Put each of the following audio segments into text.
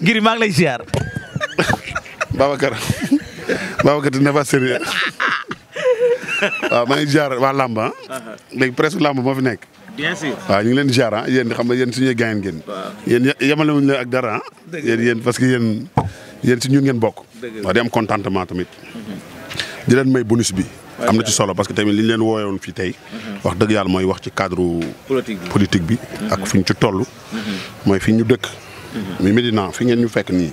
ngir maa ngi lay ziar. Babacar Babacar dina fa sérieux waaw maa ngi ziar waa làmb ah. léegi presque làmb moo fi nekk. waa ñu ngi leen di ziar ah yéen xam nga yéen suñuy gaañ ngeen. waaw yéen yemale wuñ ak dara ah. yéen yéen parce que yéen yéen si ñu ngeen bokk. dëgg di contentement tamit. Mhm. di leen may bonus bi. am na ci solo parce que tamit li ñu leen wooyoon fii tey. Mhm. wax dëgg yàlla mooy wax ci cadre. politique bi bi. ak mhm. fi ñu ci toll. mooy fi ñu dëkk. muy Medina fi ngeen ñu fekk nii.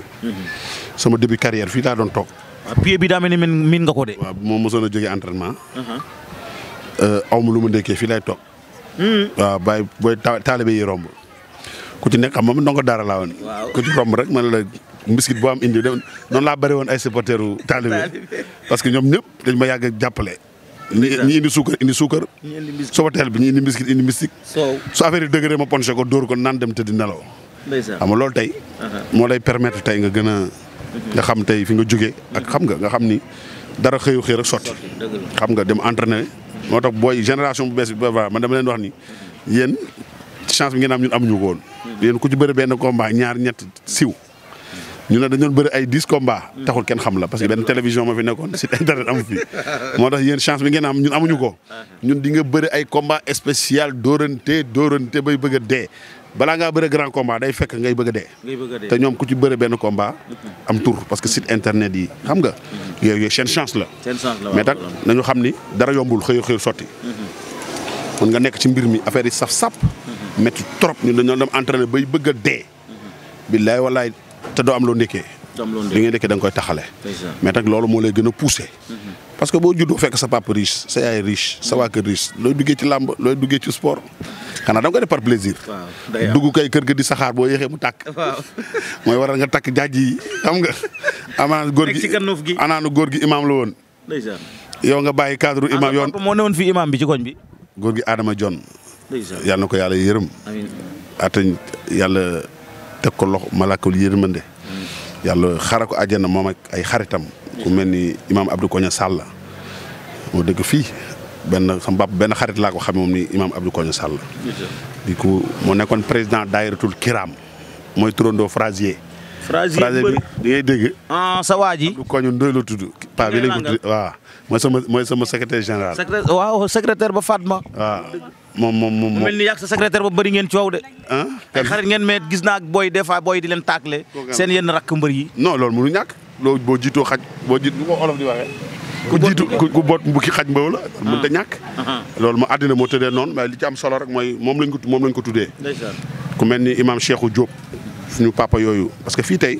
ma début carrière fii laa doon toog. waaw bi daa mel ni miin nga ko de. waaw moom mosoon a jógee entraînement. Uh-huh. Euh, aw lu ma ndékkee fii lay toog. Hmm. waaw bàyyi booy taalibe yi romb. ku ci nekk xam nga man ndongo daara laa woon. ku ci romb rek man la mbiskit boo am indi noonu laa bëri woon ay supporteru taalibe parce que ñoom ñëpp dañ ma yàgg jàppale. ñi indi suukar indi suukar. ñi indi mbiskit sobateel bi ñi indi mbiskit indi mystique. soow su affaire ma ponché ko dóor ko naan dem tëdd nelaw. xam nga loolu tey moo lay permettre tey nga gën a mhm. nga xam tey fi nga jógee ak xam nga nga xam ni dara xëyu xëy rek sotti xam nga dem entraîner mhm. moo tax booy génération bu bees bi ba man dama leen wax ni mhm. yen chance bi ngeen am ñun am ko woon yéen ku ci bëri benn combat ñaar ñett siw ñu ne dañu doon bëri ay dix combats xam la parce que benn télévision ma fi nekkoon site amu moo tax yéen chance bi ngeen am ñun amuñu ko ñun di nga bëri ay combat spécial dóorante dóorante bay bëgg a dee balaa ngaa bëre grand combat day fekk ngay bëgg a dee. te ñoom ku ci bëre benn combat. am tour parce que site internet yi xam nga. Mhm. yooyu seen chance la. seen chance la mais nag nañu xam ni dara yombul xëy xëy sotti. mun mhm. nga nekk ci mbir mi affaire yi saf sap. métti mhm. trop ñun dañoo dem entraîné bay bëgg a dee. billaay walaay te doo am loo nekkee. doo li ngay nekkee da nga koy taxalee. mais loolu moo lay gën a poussé. parce que boo juddoo fekk sa papa riche sa yaay riche sa waa riche looy duggee ci làmb looy duggee ci sport xanaa da nga ko def par plaisir. dugg kay kër ga di saxaar boo yéexee mu tàkk. mooy waral nga takk jaaj yi xam nga. amaana góor gi gi anaanu góor gi imaam la woon. yow nga bàyyi cadre imaam yoon moo newoon fii imaam bi ci koñ bi. góor gi Adama John. yal na ko yàlla yërëm. amiin atañ yàlla teg ko loxo malaakul yërmande. yàlla xara ko àjjana moom ak ay xaritam. ku mel ni imaam Abdou Koña Sall moo dëkk fii benn sama bàpp benn xarit laa ko xame moom ni imaam Abdou Koña Sall. di ko moo nekkoon président daayiratul Kiram mooy turandoo Frasier. Frasier bi di ngay dégg. Ah, sa waa ji Abdou Koña Ndoy la tudd. paa bi léegi waaw mooy sama mooy sama secrétaire général. secrétaire waaw secrétaire ba Fatma. waaw moom moom moom mel ni yàgg sa secrétaire ba bëri ngeen coow de. ah xarit ngeen mais gis naa booy des fois booy di leen tàkkale. seen yenn rakk mbër yi. non loolu doo boo jiitoo xaj boo jiit bu ko olof di waxee. ku xaj mbaw la. Ah. mënut a ñàkk. Uh-huh. loolu moo àddina moo tëddee noonu mais li ci am solo rek mooy moom lañ ko moom lañ ko tuddee. ku mel ni imaam Cheikhou Diop suñu papa yooyu parce que fii tey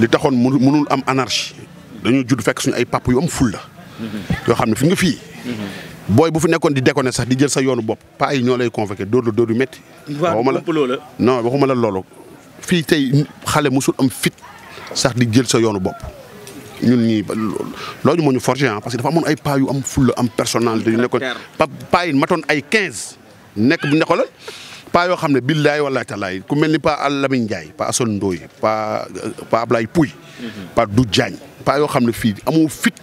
li taxoon mënul am anarchie dañoo judd fekk suñu ay papa yu am ful la. Mm-hmm. yoo xam ne fu nga fii. Mm-hmm. booy bu fu nekkoon di déconné sax di jël sa yoonu bopp paa ñoo lay convoqué dóor la dóor yu métti. waxuma la non waxuma la loolu. fii tey xale musul am fit. sax di jël sa yoonu bopp ñun ñii loolu moo ñu forger ah parce que dafa amoon ay paa yu am fulla am personnalité yu nekkoon paa yi ay quinze nekk bu nekkoon la paa yoo xam ne billaay wallaay talaay ku mel ni paa Al Lamine Ndiaye paa Assane Ndoye paa paa Ablaye Pouy mhm. paa du jaañ paa yoo xam ne fii amoo fit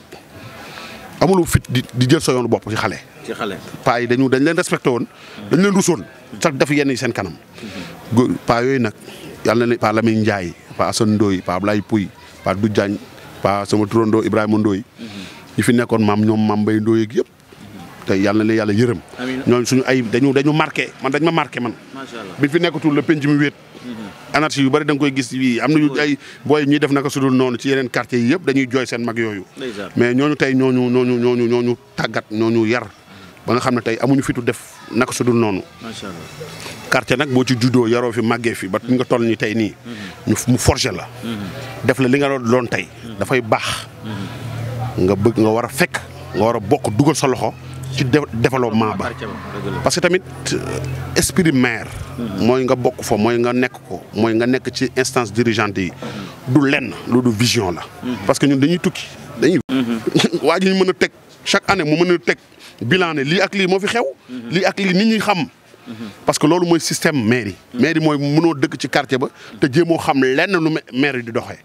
amuloo fit di di jël sa yoonu bopp ci xale. ci xale paa yi dañu dañ leen respecté woon. Mhm. dañ leen rusoon sax def yenn yi seen kanam. Mhm. paa yooyu nag yàlla na ne paa Lamine Ndiaye. Pa Assane Ndoye Pa Ablaye Pouy Pa Doudou Diagne Pa sama turandoo Ibrahima Ndoye ñi fi nekkoon maam ñoom maam Mbaye Ndoye ak yëpp te yàlla na leen yàlla yërëm ñooñu suñu ay dañu dañu marqué man dañ ma marqué man bi fi nekkatul la penc mi wéet mhm. anarchie yu bari danga koy gis yi am nañu ay booy ñuy def naka sudul noonu ci yeneen quartier yi yëpp dañuy jooy seen mag yooyu mais ñooñu tey ñooñu ñooñu ñooñu ñooñu tàggat ñooñu yar ba nga xam ne tey amuñu fitu def naka sudul noonu quartier nag boo ci juddoo yaroo fi màggee fi ba nga toll ni tey nii. ñu mu forger la. def la li nga doon tey. dafay baax. nga bëgg nga war a fekk nga war a bokk dugal sa loxo. ci développement ba parce que tamit euh, esprit maire. mooy nga bokk fa mooy nga nekk ko mooy nga nekk ci instance dirigeante yi. du lenn lu du vision la. parce que ñun dañuy tukki dañuy. waa ji ñu mën a teg chaque année mu mën a teg bilan ne lii ak lii moo fi xew. lii ak lii nit ñi xam. parce que loolu mooy système mairie. mairie mooy mënoo dëkk ci quartier ba te jéemoo xam lenn lu mairie di doxee.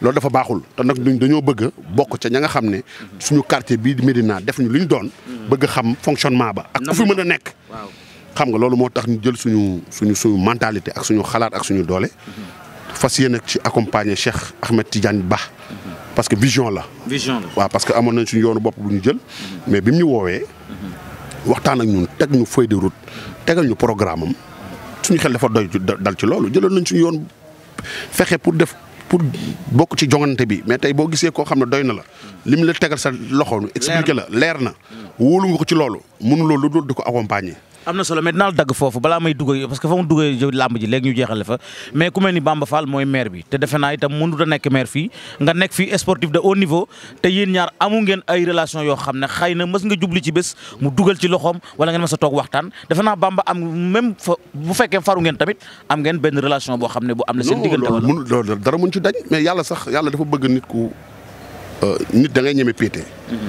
loolu dafa baaxul te nag dañoo bëgg bokk ca ña nga xam ne suñu quartier bii di Médina def ñu lu ñu doon. bëgg xam fonctionnement ba. ak ku fi mën a nekk. xam nga loolu moo tax ñu jël suñu suñu suñu mentalité ak suñu xalaat ak suñu doole. fas yéene ci accompagner Cheikh Ahmed Tidiane Ba. parce que vision la. vision la waaw parce que amoon nañ suñu yoonu bopp bu ñu jël. mais bi mu woowee. waxtaan ak ñun teg ñu feuille de route tegal ñu programme am suñu xel dafa doy dal ci loolu jëloon nañ suñu yoon fexe pour def pour bokk ci jongante bi mais tey boo gisee koo xam ne doy na la lim la tegal sa loxo. expliqué la leer na. wóolu nga ko ci loolu mënuloo lu dul di ko accompagner. am na solo mais dinaa dagg foofu balaa may dugg parce que fa fa mais ku mel ni Bamba Fall mooy maire bi te defe naa itam mënut a nekk maire fii nga nekk fii sportif de haut niveau te yéen ñaar amu ngeen ay relation yoo xam ne xëy na mës nga jubli ci bés mu dugal ci loxoom wala ngeen mës sa toog waxtaan defe naa Bamba am même bu fekkee faru ngeen tamit am ngeen benn relation boo xam ne bu am la seen diggante wala loolu dara mun ci dañ mais yàlla sax yàlla dafa bëgg nit ku euh,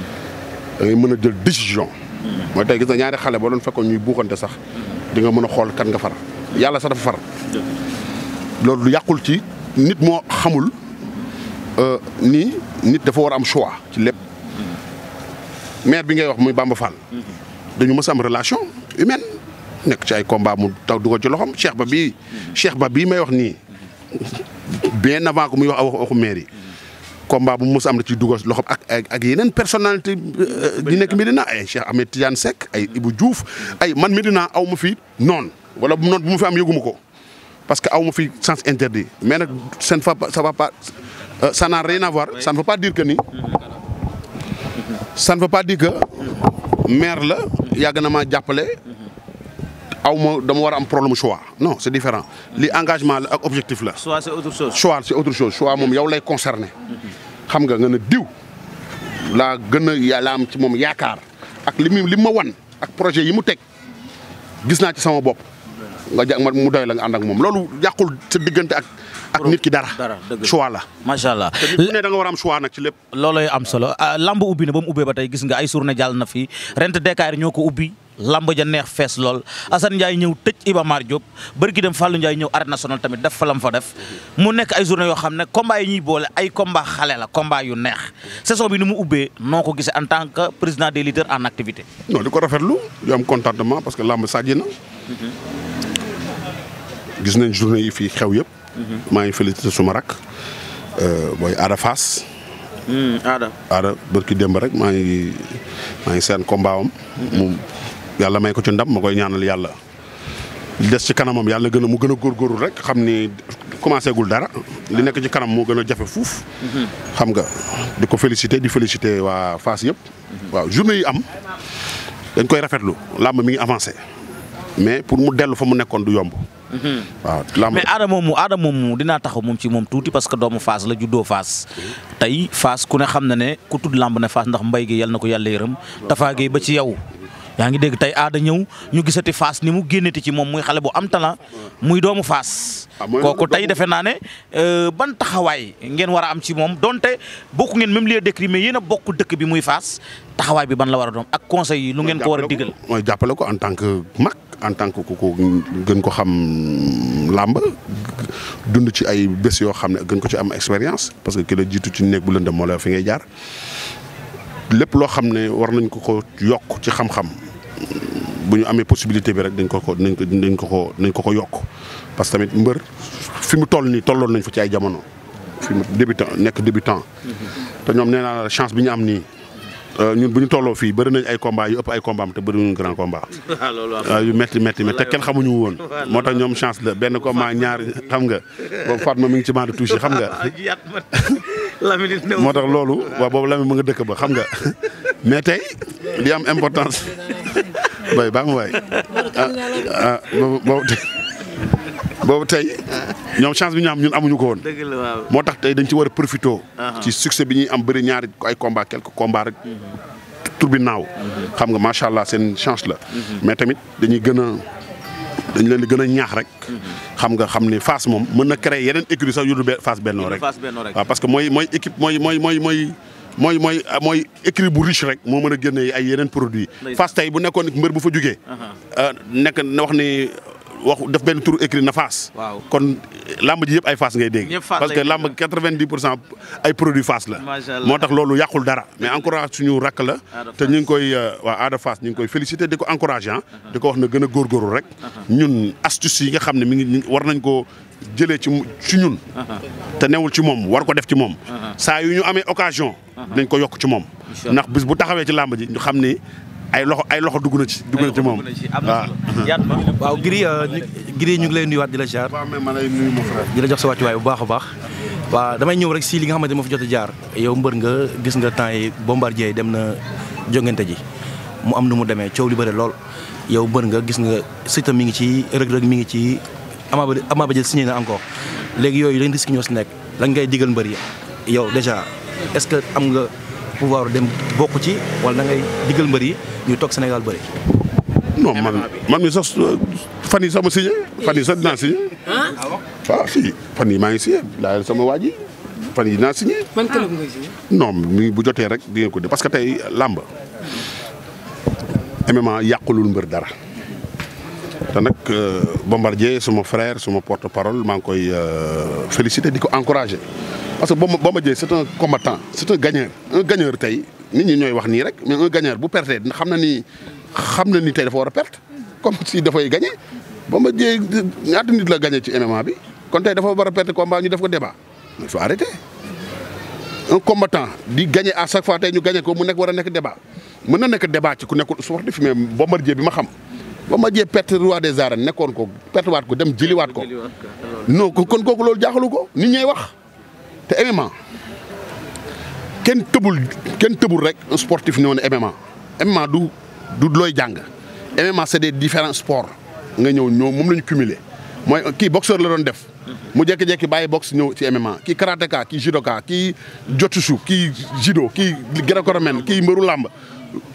da ngay mën a jël décision. mooy tey gis na ñaari xale boo doon fekkoon ñuy buuxante sax di nga mën a xool kan nga far yàlla sax dafa far. loolu yàqul ci nit moo xamul euh, nii nit dafa war a am choix ci lépp. maire bi ngay wax muy Bamba Fall. dañu mës a am relation humaine nekk ci ay combat mu taw dugal ci loxoom Cheikh Ba bii. Cheikh Ba bii may wax nii bien avant que muy wax waxu maire yi. combat bu mos am la ci dugal loxo ak yeneen personnalité euh, di nekk Medina ay Cheikh Ahmed Tidiane Seck ay Ibou Diouf ay man Medina aw ma fi noonu wala bu ma fi am yëguma ko parce que aw ma fi sens interdit mais nag seen fa ça va pas euh, ça n'a rien à voir pas dire que ni ça ne pas dire que maire la yàgg na ma jàppale aw ma dama war am problème choix non c'est différent li engagement la ak objectif la choix c'est moom yow lay concerné mm-hmm. xam nga nga ne diw laa gën a laa am ci moom yaakaar ak li mu ma wan ak projet yi mu teg gis naa ci sama bopp nga jàng ma mu doy la nga ànd moom loolu yàqul sa diggante ak ak nit ki dara. dara dëgg choix la. macha allah te nit ne da nga war a am choix nag solo ah, lamb ubbi na ba mu ubbee ba tey gis nga ay journée jàll na fi rent Dakar ñoo ko ubbi. làmb ja neex fees lool Assane Ndiaye ñëw tëj Iba Mar Diop bërki dem Fallou Ndiaye ñëw arène nationale tamit daf fa lam fa def mu nekk ay journée yoo xam ne combat yi ñuy boole ay combat xale la combat yu neex saison bi ni mu ubbee noo ko gisee en tant que président des leaders en activité. non di ko rafetlu di am contentement parce que lamb sàjji na. gis nañ journée yi fii xew yëpp. Mhm. maa ngi félicité suma rak booy euh, Ada Fass. Hmm, Ada Ada bërki démb rek maa ngi ngi seen combat yàlla may ko ci ndam ma koy ñaanal yàlla des ci kanamam yàlla gën a mu gën a góorgóorlu rek xam ni commencé gul dara li nekk ci kanam moo gën a jafe fuuf. xam nga di ko félicité di félicité waa faas yëpp. waaw journée yi am dañ koy rafetlu làmb mi ngi avancé mais pour mu dellu fa mu nekkoon du yomb. waaw làmb mais aada moom aada moom dinaa taxaw moom ci moom tuuti parce que doomu Fass la juddoo Fass. tey Fass ku ne xam na ne ku tudd làmb ne Fass ndax mbay gi yal na ko yàlla yërëm. tafaagee ba ci yow. yaa ngi dégg tey aada ñëw ñu gisati Fass ni mu génneti ci moom muy xale bu am talent muy doomu Fass. Ah, kooku tey defe naa ne euh, ban taxawaay ngeen war a am ci moom donte bokk ngeen même lieu décrit mais yéen a bokk dëkk bi muy Fass taxawaay bi ban la war doom ak conseil yi lu ngeen ko war a digal. mooy jàppale ko en tant que mag en tant ko ko gën ko xam làmb dund ci ay bés yoo xam ne gën ko ci am expérience parce que ki la jiitu ci néeg bu lëndëm moo la fi ngay jaar. lépp loo xam ne war nañ ko ko yokk ci xam-xam bu ñu amee possibilité bi rek dañ ko ko dañ ko dañ ko ko dañ ko ko yokk parce que tamit mbër fi mu toll nii tolloon nañ fa ci ay jamono fi mu débutant nekk débutant mhm. te ñoom nee naa chance bi ñu am nii Euh, ñun bu ñu tolloo fii bëri nañ ay combat yu ëpp ay combat am te bëri nañu grand combat. Ah, euh, yu metti metti metti te kenn xamuñu woon. moo tax ñoom chance la benn combat ñaar xam nga boobu Fatma mi ngi ci maa di touché xam nga. moo tax loolu waaw boobu Lamine mu nga dëkk ba xam nga mais li am importance bay baa mu waay boobu tey ñoom chance bi ñu am ñun ko woon. moo tax tey dañ ci war a profité. Uh-huh. ci succès bi ñuy am bëri ñaari ay combat quelques combat rek. Mm-hmm. tur bi naaw. Mm-hmm. xam nga macha allah seen chance la. Mm-hmm. mais tamit dañuy gën a dañ leen gën a ñaax rek. xam nga xam ni Fass moom mën na créer yeneen écurie sax yu dul Fass Benno rek. waaw parce que mooy mooy équipe mooy mooy mooy mooy. mooy écrit bu riche rek moo mën a génne ay yeneen produit Fass tey bu nekkoon mbër bu fa jugee. Uh-huh. Euh, nekk wax ni wax def benn tur écrit na Fass. waaw kon làmb ji ay Fass ngay dégg. parce que làmb pour cent ay produit Fass la. moo tax loolu yàqul dara. mais encourage suñu rakk la. te ñu koy euh, waa Ada ñu koy félicité di ko encouragé ah. Uh-huh. di ko wax na gën a góorgóorlu rek. Uh-huh. ñun astuce yi nga xam ne mi ngi war nañ ko jëlee ci ci ñun. Uh-huh. te newul ci moom war ko def ci moom. saa yu ñu amee occasion. dañ ko yokk ci moom. ndax bis bu taxawee ci làmb ji xam ni ay loxo ay loxo dugg na ci dugg na ci moom waaw. Ah. waaw Gris euh, Gris ñu ngi lay nuyuwaat di la jaar. waaw mais ma lay nuyu ma frère. di jox sa wàccuwaay bu baax a baax. waaw damay ñëw rek si li nga xamante ne moo fi jot jaar. yow mbër nga gis nga temps yi bombardier dem na jongante ji mu am na mu demee coow li bëri lool yow mbër nga gis nga Siteu mi ngi ci Reug Reug mi ngi ci Ama ba Ama si signé na encore léegi yooyu lañ risque ñoo si nekk lan ngay digal mbër yi yow déjà est-ce que am nga. pouvoir dem bokk ci wala da ngay mbër yi ñu toog Sénégal bëri. non man man mi sax fan yi sax ma signé fan yi sax dinaa signé. waaw ah ah, fii maa ngi signé sama waa ji yi dinaa signé. man ah. mi bu jotee rek di ngeen ko def parce que tey làmb MMA yàqulul mbër dara. te nag euh, Bombardier suma frère suma porte parole maa ngi koy euh, félicité di ko encouragé. parce que Bamba Bamba Dièye c'est un combattant c'est un gagneur tey nit ñi ñooy wax nii rek mais un gagneur bu pertee xam na ni xam na ni tey dafa war a perte comme si dafay ba ma Dièye ñaata nit la gagné ci MMA bi kon tey dafa war a perte combat ñu def ko débat mais faut arrêter un di gagné à chaque fois ñu gagné ko mu nekk war a nekk débat mën na nekk débat ci ku nekkul sportif mais Bombardier bi ma xam Bombardier perte roi des arènes nekkoon ko perte waat ko dem jëliwaat ko non kon kooku loolu jaaxalu ko nit ñay wax te MMA kenn tëbul kenn tëbul rek un sportif ñëw ne MMA du du looy jàng MMA c'est des différents sports nga ñëw ñoo moom lañu ñu cumuler mooy kii boxeur la doon def mu jékki jekki bàyyi boxe ñëw ci MMA kii karatéka kii ki kii jotsu kii judo kii gréco-romaine kii mbëru làmb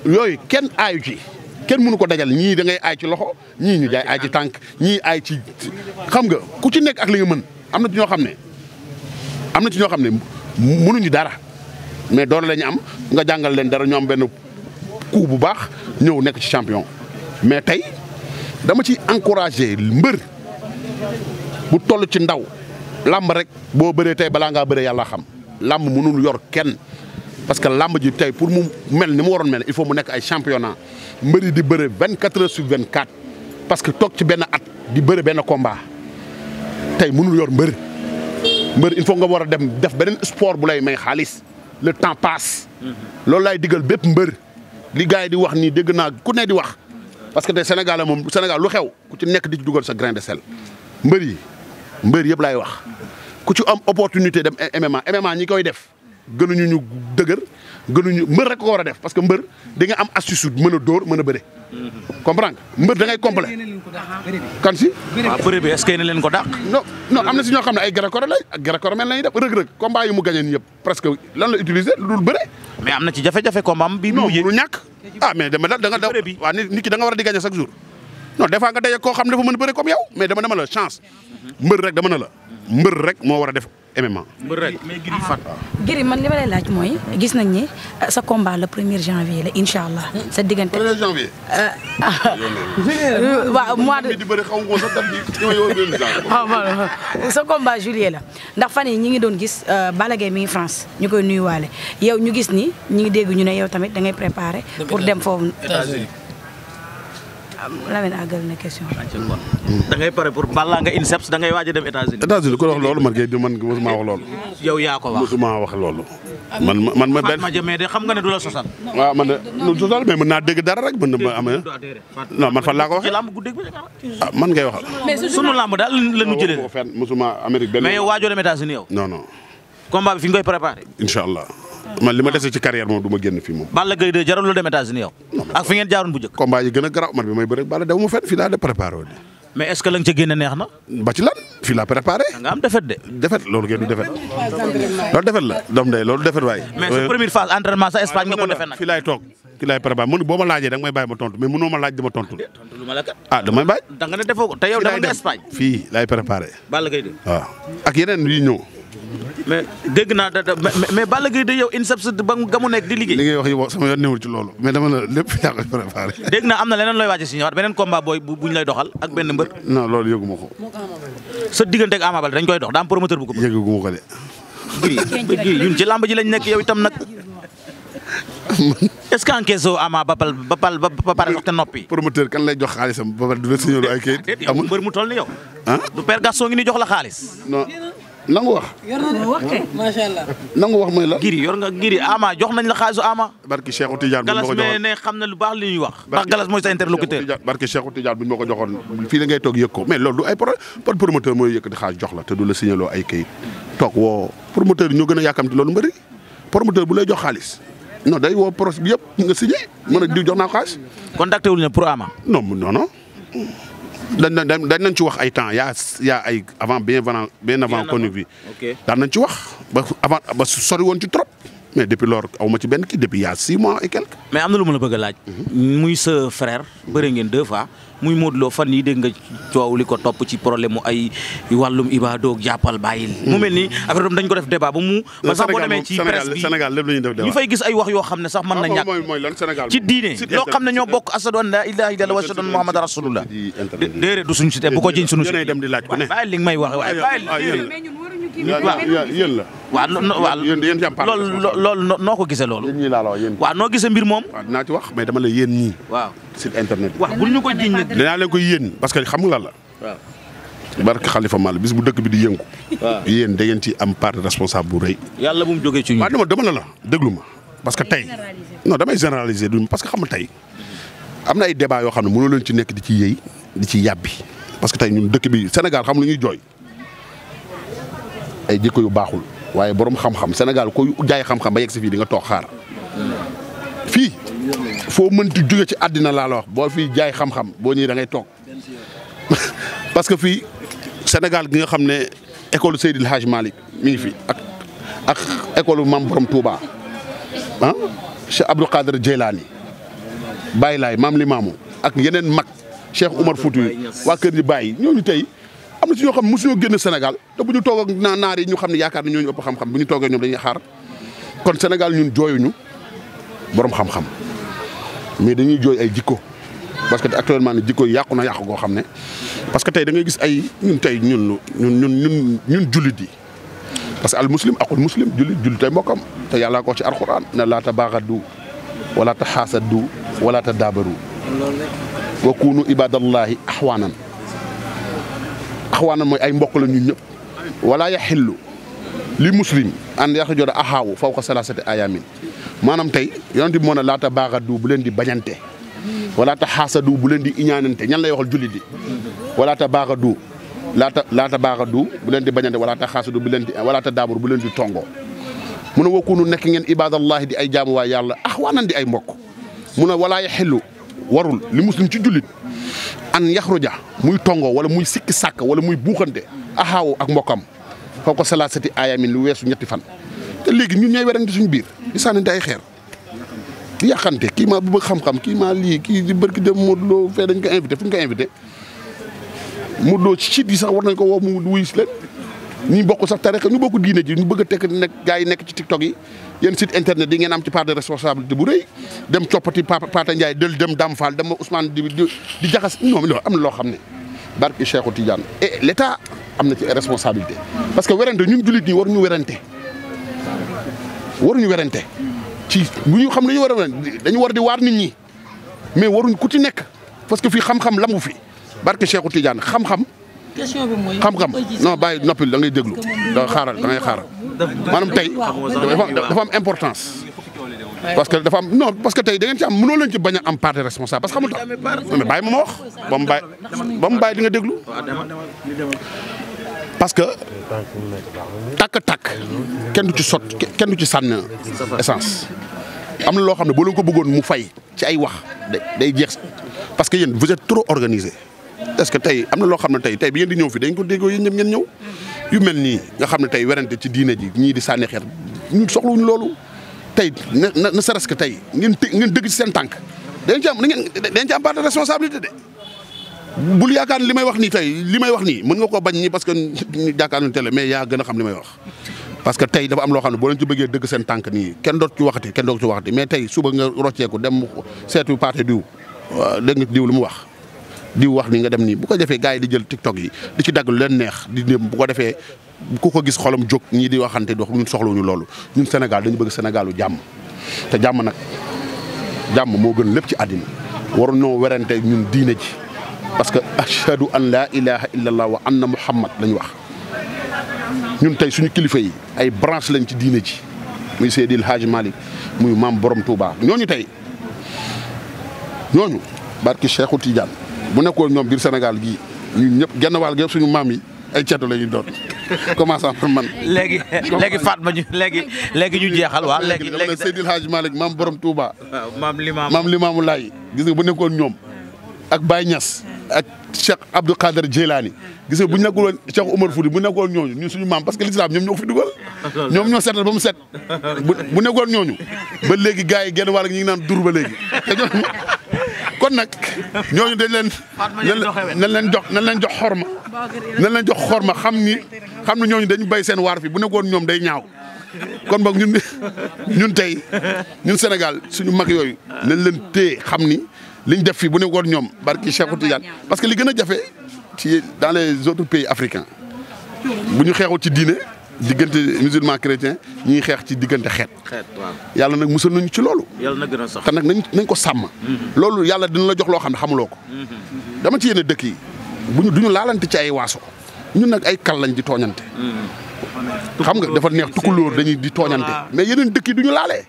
yooyu kenn aayu ci kenn mënu ko dajal ñii da ngay aay ci loxo ñii ñu jaay aay ci tànk ñii ay ci xam nga ku ci nekk ak li mën am na ñoo xam ne am na ci ñoo xam ne mënuñu dara mais doole la am nga jàngal leen dara ñu am benn coup bu baax ñëw nekk ci champion. mais tey dama ci encouragé mbër bu toll ci ndaw làmb rek boo bëree tey balaa ngaa bëree yàlla xam làmb mënul yor kenn. parce que làmb ji tey pour mu mel ni mu waroon mel il faut mu nekk ay championna mbër yi di bëre vingt quatre heures sur vingt parce que toog ci benn at di bëre benn komba tey mënul yor mbër. mbër il faut nga war a dem def beneen sport bu lay may xaalis le temps passe. loolu laay digal bépp mbër li gars yi di wax nii dégg naa ku ne di wax parce que tey Sénégal moom Sénégal lu xew ku ci nekk di ci dugal sa grain de mbër yi mbër yëpp laay wax ku ci am opportunité dem MMA MMA ñi koy def gënuñu ñu dëgër gënuñu mbër rek ko war a def parce que mbër di am astuce mën a dóor mën a bëre. comprendre nga mbër da ngay complet kan si waaw bëri bi est-ce que yéen leen ko dàq non non am na si ñoo xam ne ay gréco lañ ak gréco mel lañuy def rëg-rëg combat yu mu gagné ñëpp presque lan la utiliser lu dul bëre mais am na ci jafe-jafe combat am bi non lu ah mais dama da nga daw waaw nit ki da nga a di gagné chaque jour non des nga daje koo xam ne dafa mën bëre comme yow mais dama dama la chance mbër rek dama na la mbër rek moo war a def MMA. Ah. man li ma laaj mooy gis nañ ni euh, sa combat le premier janvier la incha allah. sa diggante premier euh, ah. mois de. di bëri xaw ah, sa combat juillet la ndax fan yi ñi ngi doon gis euh, Balla mi ngi France ñu koy nuyuwaale yow ñu gis ni ñi ngi dégg ñu ne yow tamit da ngay préparé. pour dem foofu. Lamine àggal na question. da ngay pare pour Balla nga INSEPS da ngay a dem États-Unis. états ku wax loolu man kay man wax loolu. yow wax loolu. man ma benn Fatma Jame xam nga ne du la sosal. waaw man de du sosal mais mën naa dégg dara rek mën na ma amee. non man fan laa ko waxee. Ah, man ngay wax. mais sunu lamb daal la ñu jëlee. mosuma Amérique benn mais yow waajoo dem États-Unis yow. non non. combat bi fi nga koy préparé. allah. man li ma dese ci carrière moom du ma génn fii moom. Balla Gaye de jarul la dem États-Unis yow. ak fi ngeen jaaroon bu njëkk. combat yi gën a garaaw man bi may bëre Balla dew ma de préparé woon. mais est la nga ca préparé. de. waay. mais sa première phase entraînement sa Espagne nga ko ak yeneen yu ñëw mais dégg naa da mais Balla Gaye de yow INSEP ba nga mu nekk di liggéey. li ngay wax yow sama yoon newul ci loolu mais dama lépp yaa am na leneen looy waaj si ñëwaat beneen combat ak benn mbër. non loolu yëgu ma ko. sa diggante ak Ama dañ koy dox daa am promoteur ko. yëgu ma ko de. giri ñun lañ nekk yow itam nag. est-ce que encaisse soo ama ba pal ba pal ba pare wax te noppi. promoteur kan lay jox xaalisam ba pare du la signaler ay kayit. amul mbër mu toll ni yow. du père Gaston ngi ni jox la xaalis. nangu wax. yor na wax kay macha allah. nangu wax mooy la. giri yor nga giri ama jox nañ la xaalisu ama. barki Cheikhou Tidiane bu ñu ne xam na lu baax li wax. ndax galas mooy sa interlocuteur. barki Cheikhou Tidiane bu ñu ma ko joxoon fii la ngay toog yëg ko loolu du ay pro par promoteur mooy yëkkati xaalis jox la te du la signaloo ay kayit. toog woo promoteur yi ñoo gën a yàkkamti loolu mbëri promoteur bu lay jox xaalis. non day woo proche bi yëpp nga signé mën a diw jox naa xaalis. contacté wul pour ama. non non dañ dañ dañ nañ ci wax ay temps yaa yaa ay avant bien avant bien avant connu bi daan nañ ci wax ba avant ba sori woon ci trop mais depuis lors aw ma ci benn kii depuis y' a six mois et quelques. mais am na lu ma la bëgg a laaj. Mhm. muy sa frère. bëri ngeen deux fois. muy Modou Lo fan yi dégg coow li ko topp ci problème mu ay wàllum ibaadoog jàppal bàyyil. mu mel ni affaire dañ ko def débat ba mu. sax boo demee ci presse bi fay gis ay wax yoo xam ne sax mën na ah, ñàkk. ci diine loo xam ne ñoo bokk asadu an laa ilaaha illallah wa asadu anna muhammadan rasulullah. déedéet du suñu si bu ko jiñ suñu si. bàyyi li may wax waaye bàyyi. Ah, noo ko gisee loolu waaw noo gisee mbir moom waaw dinaa ci danaa leen ko yéen parce que xam nga lan la. barke xalifa Mal bis bu dëkk bi di yëngu. yéen day ngeen ci am part responsable bu rëy. yàlla bu jógee ci ñun. waaw dama dama ne la déglu ma parce que tey. no damay généraliser du parce que xam nga tey. am na ay débat yoo xam ne mënoo leen ci nekk di ci yëy di ci yàbbi parce que tey ñun dëkk bi Sénégal xam lu ñuy jooy ay jikko yu baaxul waaye borom xam-xam Sénégal ko jaay xam-xam ba yegg si fii di nga toog xaar. fii foo mënti jóge ci àddina laa la wax boo fi jaay xam-xam boo ñëwee da ngay toog parce que fii Sénégal gi nga xam ne école Seydil Hadj Malick mi ngi fi ak ak école Mam Borom Touba ah Cheikh Abdou Khader Jeylaani Baye Laay Maam li Limaamu ak yeneen mag Cheikh Umar futu waa kër ji Baye ñooñu tey am na si ñoo xam ne mosuñoo génn Sénégal te bu ñu toog ak naa naar yi ñu xam ne yaakaar ne ñooñu ëpp xam-xam bu ñu toogee ñoom dañuy xaar kon Sénégal ñun jooyuñu. borom xam-xam mais dañuy jooy ay jikko parce que actuellement ne jikko yàqu na yàqu goo xam ne parce que tey da ngay gis ay ñun tey ñun ñun ñun ñun ñun jullit yi parce que al muslim aqul muslim jullit jullit mbokkam te yàlla ko ci alxuraan ne laa ta baaxadu wala ta xaasadu wala ta daabaru wa kunu ibadallahi axwaanan axwaanan mooy ay mbokk la ñun ñëpp wala yaxillu li muslim an yaxjura axaawu fawqa salaasati ayaamin maanaam tey yonent bi moo a laata baaxadu bu leen di bañante ta xaasa xaasadu bu leen di iñaanante ñan lay waxal jullit ta baaxa du laata laata baaxa du bu leen di bañante walaata xaasadu bu leen di walaata daabur bu leen di tongoo mu ne wakkunu nekk ngeen ibadallahi di ay jaamuwaay yàlla axwaanan di ay mbokk mu ne walaa yaxillu warul li muslim ci jullit an yaxruja muy tongoo wala muy sikki sàkk wala muy buuxante axaawu ak mbokkam foo ko salaasati aayamin lu weesu ñetti fan te léegi ñun ñooy werante suñu biir di sànnante ay xeer di yàqante kii maa bu bëgg xam-xam kii maa lii kii di barki dem Modou Lo fee dañ ko invité fu ñu ko invité Modou ci site yi sax war nañ ko woo mu wuyu si leen ñu bokk sax tarixa ñu bokk diine ji ñu bëgg a tekk nag gars yi nekk ci TikTok yi yéen site internet yi ngeen am ci part de responsabilité bu rëy dem coppati Pata Ndiaye del dem Dame Fall dem Ousmane di di jaxas non loolu am na loo xam ne barki Cheikhou Tidiane et l' am na ci responsabilité parce que werante ñun jullit ñi war ñu werante waruñu werante ci bu ñu xam ne ñu war a dañu war di waar nit ñi mais waruñ ku ci nekk parce que fii xam-xam lamu fi barke Cheikhou Tidiane xam-xam. question xam-xam non bàyyi noppil da ngay déglu da xaaral da xaaral maanaam tey dafa am importance. parce que dafa am non parce que tey da ngeen am mënoo leen ci bañ a am part responsable parce que xamul tax mais wax ba mu bàyyi ba di nga déglu. parce que takk tàkk kenn du ci sot kenn du ci sànn essence am na loo xam ne boo leen ko bëggoon mu fay ci ay wax day jeex parce que yéen vous êtes trop organisé est que tey am na loo xam ne tey tey bi ngeen di ñëw fii dañ ko déggoo yéen ñëpp ngeen ñëw yu mel nii nga xam ne tey werante ci diine ji ñii di sànni xeer ñun soxlawuñu loolu tey na na serait-ce tey ngeen ngeen dëgg ci seen tànk dañ ci am dañ ci am part de responsabilité de bul yaakaar li may wax nii tey li may wax nii mën nga koo bañ nii parce que ñu jàkkaarloo télé mais yaa gën a xam li may wax. parce que tey dafa am loo xam ne boo leen ci bëggee dëgg seen tànk nii kenn doot ci waxati kenn doot ci waxati mais tey suba nga rocceeku dem seetu paate diw dégg diw lu mu wax. diw wax ni nga dem nii bu ko defee gaa yi di jël tiktok yi di ci dagg leen neex di dem bu ko defee ku ko gis xolam jóg ñii di waxante di wax ñun soxlawuñu loolu ñun Sénégal dañu bëgg Sénégalu jàmm te jàmm nag jàmm moo gën lépp ci àddina waroon noo werante ñun diine ji parce que ashhadu an laa ilaha illallah wa anna muhammad lañ wax ñun tey suñu kilifa yi ay branche lañ ci diine ji muy Seydil Hadj Malick muy maam borom Touba ñooñu tey ñooñu barki Cheikhou Tidiane bu nekkoon ñoom biir Sénégal gii ñun ñëpp genn wàll suñu maam yi ay la ñuy doon commençant man. léegi léegi Fatma ñu léegi léegi ñu jeexal waaw léegi léegi Seydil maam borom Touba. maam Limaamu maam Laay gis nga bu nekkoon ñoom ak Baye ñas ak Cheikh Abdou Khader Jilani gis nga bu ñu nekkul woon Cheikh Omar Fouti bu ñu nekkul ñooñu ñun suñu maam parce que l'islam ñoom ñoo ko fi dugal. ñoom ñoo setal ba mu set bu bu nekkul ñooñu ba léegi gars yi genn wàll ñu ngi naan dur ba léegi kon nag ñooñu dañ leen. nañ leen jox nañ leen jox xorma. nañ leen jox xorma xam ni xam ni ñooñu dañu béy seen waar fi bu nekkul ñoom day ñaaw. kon ba ñun ñun tey ñun Sénégal suñu mag yooyu nañ leen téye xam ni liñ def fii bu ne woon ñoom barki Cheikh Tidiane parce que li gën a jafe ci dans les autres pays africains bu ñu xeexul ci diine diggante musulman chrétien ñuy xeex ci diggante xeet. xeet waaw yàlla nag musal nañu ci loolu. yàlla na gën a sax te nag ko sàmm. Mm-hmm. loolu yàlla dina la jox loo xam ne xamuloo ko. Mm-hmm. dama ci yenn dëkk yi bu ñu du ñu ci ay waaso ñun nag ay kal lañ di tooñante. Mm-hmm. xam nga dafa neex tukulóor dañuy di tooñante mais yeneen dëkk yi du ñu laalee.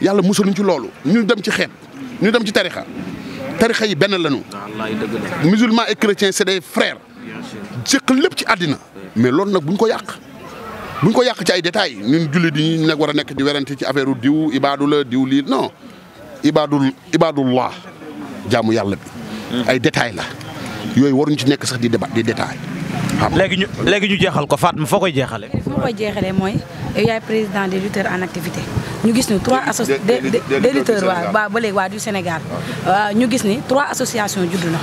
yàlla musal ñu ci loolu ñu dem ci xeet ñu dem ci tarixa tarixa yi benn la lañu. musulman et chrétien c'est des frères. jëkk lépp ci àddina. mais loolu nag bu ñu ko yàq. buñ ko yàq ci ay détails ñun jullit yi ñu nag war a nekk di werante ci affaire diw ibaadu la diw lii ibaadu ibaadul ibaadullah jaamu yàlla bi. Hmm. ay détails la. yooyu waruñ ci nekk sax di débat di léegi ñu léegi jeexal ko Fatma foo koy jeexalee. foo koy jeexalee mooy yow yaay président des lutteurs en activité ñu gis ni trois asso des lutteurs waaw ba léegi waa du Sénégal ah. euh, ñu gis ni trois associations juddu na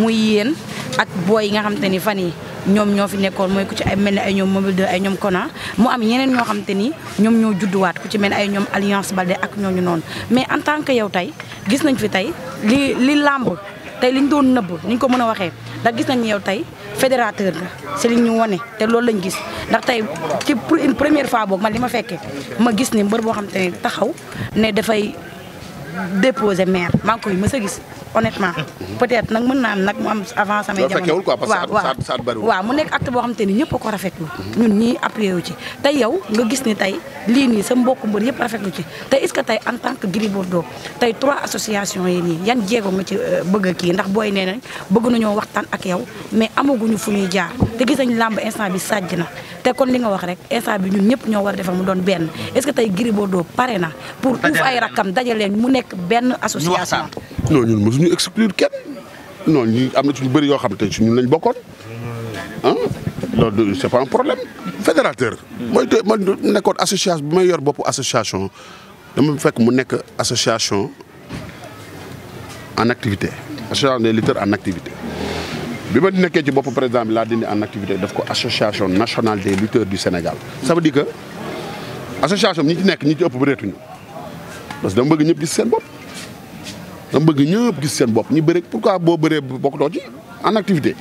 muy yéen ak booy yi nga xam te ni fan yi ñoom ñoo fi nekkoon mooy ku ci ay mel ni ay ñoom mobile de ay ñoom kona mu am yeneen ñoo xam ni ñoom ñoo judduwaat ku ci mel ni ay ñoom alliance Balde ak ñooñu noonu mais en tant que yow tey gis nañ fi tey li li làmb tey liñ doon nëbb niñ ko mën a waxee ndax gis nañ yow tey fédérateur la c'est li ñu wone te loolu lañ gis ndax tey ci une première fois boog man li ma fekkee ma gis ni mbër boo xam te ne taxaw ne dafay déposer maire maa ngi koy mës a gis honnêtement peut-être nag mën naa am nag mu am avant samay jamono waaw waaw mu nekk acte boo xam te ni ñëpp a ko rafetlu ñun ñii appuyé wu ci te yow nga gis ni tey lii nii sa mbokku mbër yëpp rafetlu ci te est-ce que tey en tant que Gris Bordeaux tey trois associations yi nii yan jéego nga ci euh, bëgg kii ndax booy nee nañ bëgg nañoo waxtaan ak yow mais amaguñu fu ñuy jaar te gis nañ làmb instant bi sàjj na te kon li nga wax rek instant bi ñun ñëpp ñoo war a defar mu doon benn est-ce que tey Gris Bordeaux pare na pour uuf ay rakkam dajaleen mu nekk benn association non ñun mosuñu exclure kenn non ñu am na suñu bëri yoo xam te suñu lañ bokkoon ah loolu c'est pas un problème fédérateur. mooy te man nekkoon association bu may yor boppu association dama fekk mu nekk association en activité. association des lutteurs en activité bi ma nekkee ci boppu par exemple laa dindi en activité def ko association nationale des lutteurs du Sénégal. ça veut dire que association bi ñi nekk ñu ci ëpp bëreetuñu parce que dama bëgg ñëpp gis seen bopp. dama bëgg ñëpp gis seen bopp ñu bëri pourquoi boo bëree bokkutoo ci en activité.